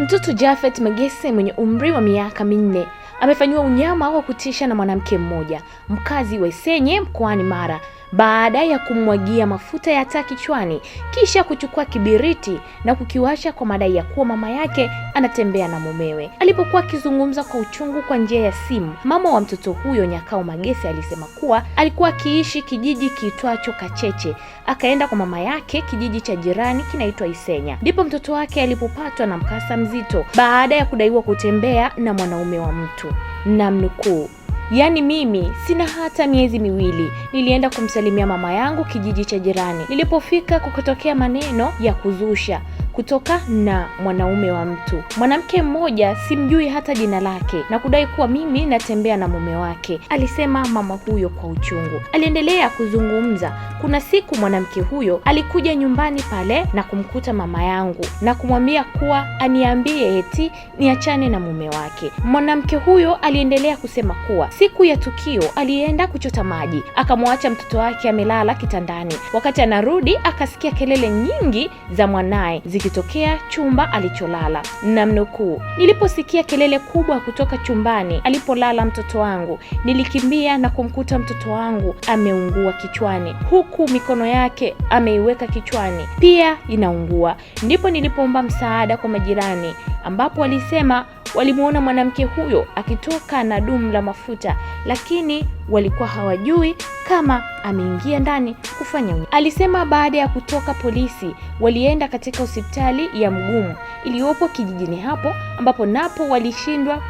Mtoto jafet Magese mwenye umri wa miaka minne amefanyiwa unyama wa kutisha na mwanamke mmoja mkazi wa Isenye mkoani Mara baada ya kumwagia mafuta ya taa kichwani, kisha kuchukua kibiriti na kukiwasha kwa madai ya kuwa mama yake anatembea na mumewe. Alipokuwa akizungumza kwa uchungu kwa njia ya simu, mama wa mtoto huyo Nyakao Magese alisema kuwa alikuwa akiishi kijiji kiitwacho Kacheche, akaenda kwa mama yake kijiji cha jirani kinaitwa Isenya, ndipo mtoto wake alipopatwa na mkasa mzito baada ya kudaiwa kutembea na mwanaume wa mtu, namnukuu Yaani mimi sina hata miezi miwili. Nilienda kumsalimia mama yangu kijiji cha jirani, nilipofika kukatokea maneno ya kuzusha kutoka na mwanaume wa mtu. Mwanamke mmoja simjui hata jina lake na kudai kuwa mimi natembea na mume wake, alisema mama huyo kwa uchungu. Aliendelea kuzungumza, kuna siku mwanamke huyo alikuja nyumbani pale na kumkuta mama yangu na kumwambia kuwa aniambie eti niachane na mume wake. Mwanamke huyo aliendelea kusema kuwa siku ya tukio alienda kuchota maji akamwacha mtoto wake amelala kitandani. Wakati anarudi akasikia kelele nyingi za mwanaye ziki kilichotokea chumba alicholala. Namnukuu, niliposikia kelele kubwa kutoka chumbani alipolala mtoto wangu, nilikimbia na kumkuta mtoto wangu ameungua kichwani, huku mikono yake ameiweka kichwani pia inaungua. Ndipo nilipoomba msaada kwa majirani, ambapo walisema walimwona mwanamke huyo akitoka na dumu la mafuta, lakini walikuwa hawajui kama ameingia ndani kufanya unye. Alisema baada ya kutoka polisi walienda katika hospitali ya Mgumu iliyopo kijijini hapo, ambapo napo walishindwa,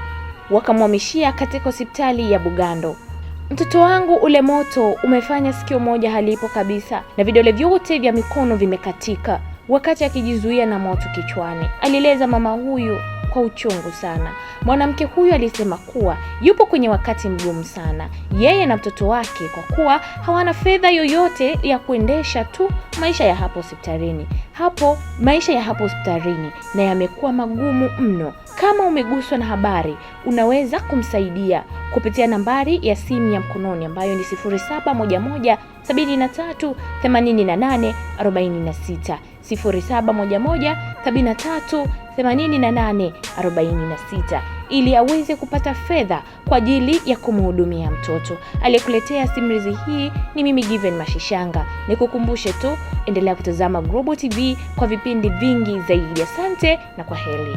wakamhamishia katika hospitali ya Bugando. Mtoto wangu ule moto umefanya sikio moja halipo kabisa na vidole vyote vya mikono vimekatika wakati akijizuia na moto kichwani, alieleza mama huyu kwa uchungu sana. Mwanamke huyu alisema kuwa yupo kwenye wakati mgumu sana, yeye na mtoto wake, kwa kuwa hawana fedha yoyote ya kuendesha tu maisha ya hapo hospitalini. Hapo maisha ya hapo hospitalini na yamekuwa magumu mno. Kama umeguswa na habari, unaweza kumsaidia kupitia nambari ya simu ya mkononi ambayo ni 0711 73 88 46. 0711738846 ili aweze kupata fedha kwa ajili ya kumhudumia mtoto. Aliyekuletea simulizi hii ni mimi Given Mashishanga. Nikukumbushe tu, endelea kutazama Global TV kwa vipindi vingi zaidi. Asante na kwa heri.